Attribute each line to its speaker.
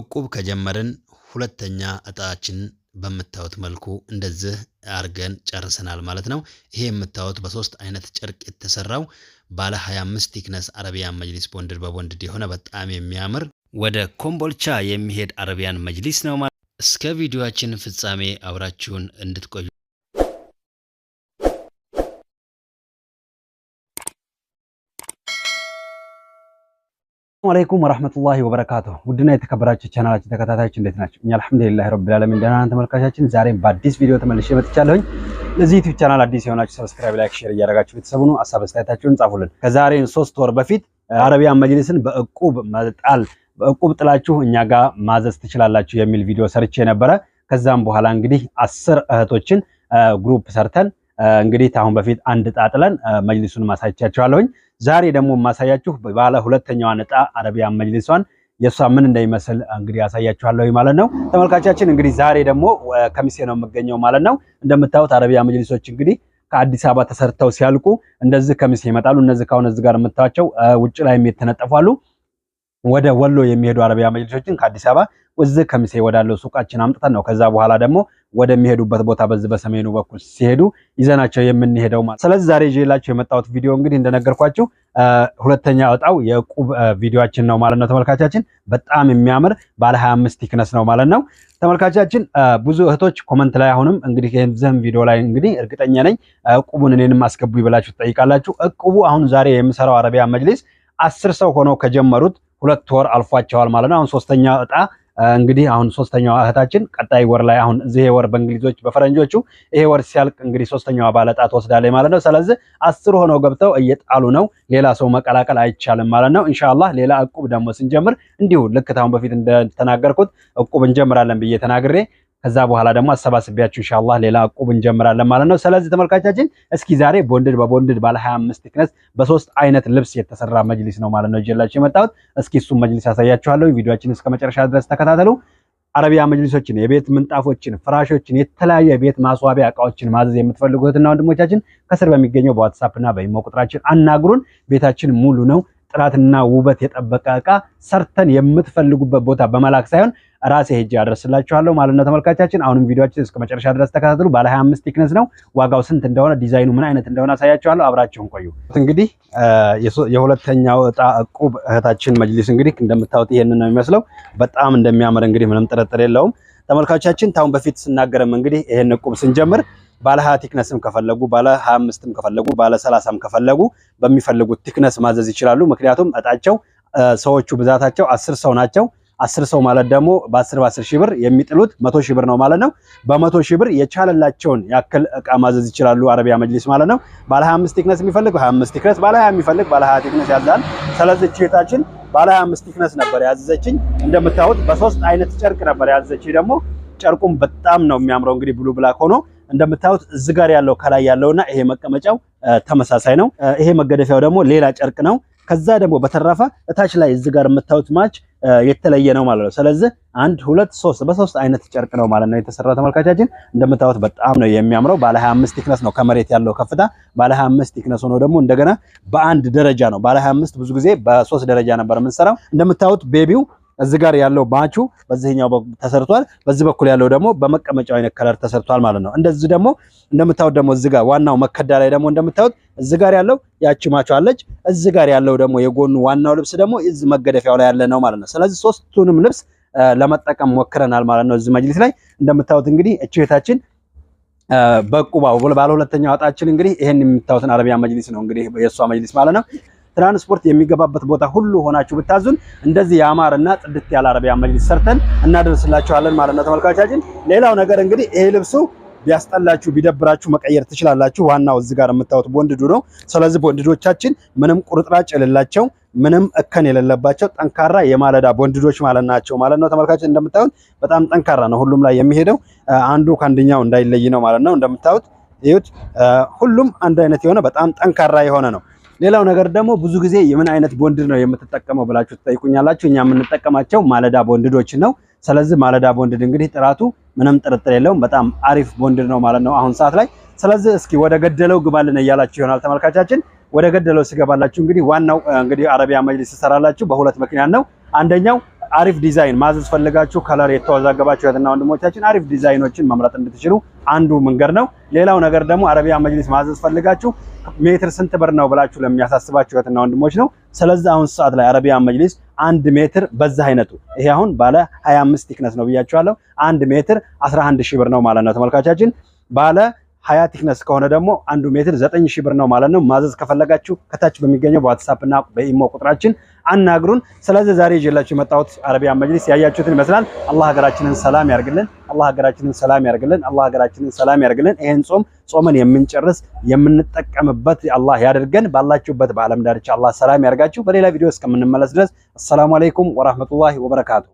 Speaker 1: እቁብ ከጀመርን ሁለተኛ እጣችን በምታዩት መልኩ እንደዚህ አርገን ጨርሰናል ማለት ነው። ይሄ የምታዩት በሶስት አይነት ጨርቅ የተሰራው ባለ 25 ቲክነስ አረቢያን መጅሊስ ቦንድድ በቦንድድ የሆነ በጣም የሚያምር ወደ ኮምቦልቻ የሚሄድ አረቢያን መጅሊስ ነው ማለት። እስከ ቪዲዮችን ፍጻሜ አብራችሁን እንድትቆዩ
Speaker 2: ሰላም አለይኩም ወራህመቱላሂ ወበረካቱ ውድና የተከበራችሁ ቻናላችን ተከታታዮች እንዴት ናቸው? እኛ አልሐምዱሊላሂ ረቢል ዓለሚን ደህና ነን። ተመልካቻችን ዛሬም በአዲስ ቪዲዮ ተመልሼ መጥቻለሁኝ። ለዚህ ዩቲዩብ ቻናል አዲስ የሆናችሁ ሰብስክራይብ፣ ላይክ፣ ሼር እያደረጋችሁ ቤተሰቡ ነው። ሀሳብ አስተያየታችሁን ጻፉልን። ከዛሬን ሶስት ወር በፊት አረቢያን መጅሊስን በእቁብ መጣል በእቁብ ጥላችሁ እኛ ጋር ማዘዝ ትችላላችሁ የሚል ቪዲዮ ሰርቼ ነበረ። ከዛም በኋላ እንግዲህ አስር እህቶችን ግሩፕ ሰርተን እንግዲህ ከአሁን በፊት አንድ ጣጥለን መጅሊሱን ማሳይቻችኋለሁኝ። ዛሬ ደግሞ የማሳያችሁ ባለ ሁለተኛዋ እጣ አረቢያን መጅሊሷን የእሷ ምን እንደሚመስል እንግዲህ ያሳያችኋለሁ ማለት ነው። ተመልካቻችን እንግዲህ ዛሬ ደግሞ ከሚሴ ነው የምገኘው ማለት ነው። እንደምታዩት አረቢያ መጅሊሶች እንግዲህ ከአዲስ አበባ ተሰርተው ሲያልቁ እንደዚህ ከሚሴ ይመጣሉ። እነዚህ ካሁን እዚህ ጋር የምታዩቸው ውጭ ላይም የተነጠፏሉ። ወደ ወሎ የሚሄዱ አረቢያ መጅሊሶችን ከአዲስ አበባ እዚህ ከሚሴ ወዳለው ሱቃችን አምጥተን ነው ከዛ በኋላ ደግሞ ወደሚሄዱበት ቦታ በዚህ በሰሜኑ በኩል ሲሄዱ ይዘናቸው የምንሄደው ማለት። ስለዚህ ዛሬ ይዤላችሁ የመጣሁት ቪዲዮ እንግዲህ እንደነገርኳችሁ ሁለተኛ እጣው የቁብ ቪዲዮአችን ነው ማለት ነው ተመልካቻችን። በጣም የሚያምር ባለ 25 ቲክነስ ነው ማለት ነው ተመልካቻችን። ብዙ እህቶች ኮመንት ላይ አሁንም እንግዲህ ይህን ቪዲዮ ላይ እንግዲህ እርግጠኛ ነኝ ዕቁቡን እኔንም አስገቡ ይብላችሁ ትጠይቃላችሁ። ዕቁቡ አሁን ዛሬ የምሰራው አረቢያ መጅሊስ አስር ሰው ሆነው ከጀመሩት ሁለት ወር አልፏቸዋል ማለት ነው። አሁን ሶስተኛ እጣ እንግዲህ አሁን ሶስተኛዋ እህታችን ቀጣይ ወር ላይ አሁን እዚህ ወር በእንግሊዞች በፈረንጆቹ ይሄ ወር ሲያልቅ እንግዲህ ሶስተኛዋ ባለጣ ትወስዳለች ማለት ነው። ስለዚህ አስር ሆነው ገብተው እየጣሉ ነው። ሌላ ሰው መቀላቀል አይቻልም ማለት ነው። ኢንሻአላህ ሌላ እቁብ ደግሞ ስንጀምር እንዲሁ ልክ ታሁን በፊት እንደተናገርኩት እቁብ እንጀምራለን ብዬ ተናግሬ ከዛ በኋላ ደግሞ አሰባስቢያችሁ ኢንሻአላህ ሌላ ዕቁብ እንጀምራለን ማለት ነው። ስለዚህ ተመልካቻችን እስኪ ዛሬ ቦንድድ በቦንድድ ባለ 25 ቲክነስ በሶስት አይነት ልብስ የተሰራ መጅሊስ ነው ማለት ነው ይዤላችሁ የመጣሁት። እስኪ እሱም መጅሊስ ያሳያችኋለሁ። ቪዲዮአችን እስከ መጨረሻ ድረስ ተከታተሉ። አረቢያ መጅሊሶችን፣ የቤት ምንጣፎችን፣ ፍራሾችን፣ የተለያየ የቤት ማስዋቢያ እቃዎችን ማዘዝ የምትፈልጉትና ወንድሞቻችን ከስር በሚገኘው በዋትሳፕና በኢሞ ቁጥራችን አናግሩን። ቤታችን ሙሉ ነው። ጥራትና ውበት የጠበቀ እቃ ሰርተን የምትፈልጉበት ቦታ በመላክ ሳይሆን ራሴ ሄጄ ያደርስላችኋለሁ ማለት ነው። ተመልካቻችን አሁንም ቪዲዮችን እስከ መጨረሻ ድረስ ተከታተሉ። ባለ 25 ቲክነስ ነው። ዋጋው ስንት እንደሆነ ዲዛይኑ ምን አይነት እንደሆነ አሳያችኋለሁ። አብራችሁን ቆዩ። እንግዲህ የሁለተኛው እጣ እቁብ እህታችን መጅሊስ እንግዲህ እንደምታወጥ ይሄንን ነው የሚመስለው። በጣም እንደሚያምር እንግዲህ ምንም ጥርጥር የለውም። ተመልካቻችን ታሁን በፊት ስናገርም እንግዲህ ይሄን እቁብ ስንጀምር ባለ 20 ቲክነስም ከፈለጉ ባለ 25ም ከፈለጉ ባለ 30ም ከፈለጉ በሚፈልጉት ቲክነስ ማዘዝ ይችላሉ። ምክንያቱም እጣቸው ሰዎቹ ብዛታቸው አስር ሰው ናቸው። አስር ሰው ማለት ደግሞ በአስር በአስር ሺህ ብር የሚጥሉት መቶ ሺህ ብር ነው ማለት ነው። በመቶ ሺህ ብር የቻለላቸውን ያክል እቃ ማዘዝ ይችላሉ። አረቢያ መጅሊስ ማለት ነው። ባለ 25 ቲክነስ የሚፈልግ 25 ቲክነስ፣ ባለ 20 የሚፈልግ ባለ 20 ቲክነስ ያዛል። ስለዚህ ጌታችን ባለ 25 ቲክነስ ነበር ያዘዘችኝ። እንደምታዩት በሶስት አይነት ጨርቅ ነበር ያዘዘችኝ። ደግሞ ጨርቁም በጣም ነው የሚያምረው። እንግዲህ ብሉ ብላክ ሆኖ እንደምታዩት እዚህ ጋር ያለው ከላይ ያለውና ይሄ መቀመጫው ተመሳሳይ ነው። ይሄ መገደፊያው ደግሞ ሌላ ጨርቅ ነው። ከዛ ደግሞ በተረፈ እታች ላይ እዚህ ጋር የምታዩት ማች የተለየ ነው ማለት ነው። ስለዚህ አንድ ሁለት ሶስት በሶስት አይነት ጨርቅ ነው ማለት ነው የተሰራው። ተመልካቻችን እንደምታዩት በጣም ነው የሚያምረው። ባለ 25 ቲክነስ ነው ከመሬት ያለው ከፍታ ባለ 25 ቲክነስ ሆኖ ደግሞ እንደገና በአንድ ደረጃ ነው። ባለ 25 ብዙ ጊዜ በሶስት ደረጃ ነበር የምንሰራው። እንደምታዩት ቤቢው እዚህ ጋር ያለው ማቹ በዚህኛው ተሰርቷል። በዚህ በኩል ያለው ደግሞ በመቀመጫው አይነት ከለር ተሰርቷል ማለት ነው። እንደዚህ ደግሞ እንደምታዩት ደግሞ እዚህ ጋር ዋናው መከዳ ላይ ደግሞ እንደምታዩት እዚህ ጋር ያለው ያቺ ማቹ አለች። እዚህ ጋር ያለው ደግሞ የጎኑ ዋናው ልብስ ደግሞ እዚህ መገደፊያው ላይ ያለ ነው ማለት ነው። ስለዚህ ሶስቱንም ልብስ ለመጠቀም ሞክረናል ማለት ነው። እዚህ መጅሊስ ላይ እንደምታዩት እንግዲህ እችታችን በቁባው ባለ አጣችን እንግዲህ ይሄን የምታዩትን አረቢያ መጅሊስ ነው እንግዲህ የእሷ መጅሊስ ማለት ነው። ትራንስፖርት የሚገባበት ቦታ ሁሉ ሆናችሁ ብታዙን እንደዚህ ያማረና ጽድት ያለ አረቢያ መጅሊስ ሰርተን እናደርስላችኋለን ማለት ነው ተመልካቾቻችን። ሌላው ነገር እንግዲህ ይሄ ልብሱ ቢያስጠላችሁ ቢደብራችሁ መቀየር ትችላላችሁ። ዋናው እዚህ ጋር የምታዩት ቦንድዱ ነው። ስለዚህ ቦንድዶቻችን ምንም ቁርጥራጭ የሌላቸው ምንም እከን የሌለባቸው ጠንካራ የማለዳ ቦንድዶች ማለት ናቸው ማለት ነው ተመልካቾች። እንደምታዩት በጣም ጠንካራ ነው። ሁሉም ላይ የሚሄደው አንዱ ከአንደኛው እንዳይለይ ነው ማለት ነው። እንደምታዩት ይሁት ሁሉም አንድ አይነት የሆነ በጣም ጠንካራ የሆነ ነው። ሌላው ነገር ደግሞ ብዙ ጊዜ የምን አይነት ቦንድድ ነው የምትጠቀመው ብላችሁ ትጠይቁኛላችሁ። እኛ የምንጠቀማቸው ማለዳ ቦንድዶችን ነው። ስለዚህ ማለዳ ቦንድድ እንግዲህ ጥራቱ ምንም ጥርጥር የለውም፣ በጣም አሪፍ ቦንድድ ነው ማለት ነው አሁን ሰዓት ላይ። ስለዚህ እስኪ ወደ ገደለው ግባልን እያላችሁ ይሆናል ተመልካቻችን። ወደ ገደለው ሲገባላችሁ እንግዲህ ዋናው እንግዲህ አረቢያ መጅሊስ ትሰራላችሁ በሁለት ምክንያት ነው። አንደኛው አሪፍ ዲዛይን ማዘዝ ፈልጋችሁ ከለር የተወዛገባችሁ እህትና ወንድሞቻችን አሪፍ ዲዛይኖችን መምረጥ እንድትችሉ አንዱ መንገድ ነው። ሌላው ነገር ደግሞ አረቢያ መጅሊስ ማዘዝ ፈልጋችሁ ሜትር ስንት ብር ነው ብላችሁ ለሚያሳስባችሁ እህትና ወንድሞች ነው። ስለዚህ አሁን ሰዓት ላይ አረቢያ መጅሊስ አንድ ሜትር በዛ አይነቱ ይሄ አሁን ባለ 25 ቲክነስ ነው ብያችኋለሁ። አንድ ሜትር 11 ሺህ ብር ነው ማለት ነው ተመልካቻችን ባለ ሀያ ቲክነስ ከሆነ ደግሞ አንዱ ሜትር ዘጠኝ ሺህ ብር ነው ማለት ነው። ማዘዝ ከፈለጋችሁ ከታች በሚገኘው በዋትሳፕ እና በኢሞ ቁጥራችን አናግሩን። ስለዚህ ዛሬ ይዤላችሁ የመጣሁት አረቢያን መጅሊስ ያያችሁትን ይመስላል። አላህ ሀገራችንን ሰላም ያርግልን። አላህ ሀገራችንን ሰላም ያርግልን። አላህ ሀገራችንን ሰላም ያርግልን። ይህን ጾም ጾመን የምንጨርስ የምንጠቀምበት አላህ ያደርገን። ባላችሁበት በአለም ዳርቻ አላህ ሰላም ያርጋችሁ። በሌላ ቪዲዮ እስከምንመለስ ድረስ አሰላሙ አለይኩም ወራህመቱላሂ ወበረካቱ።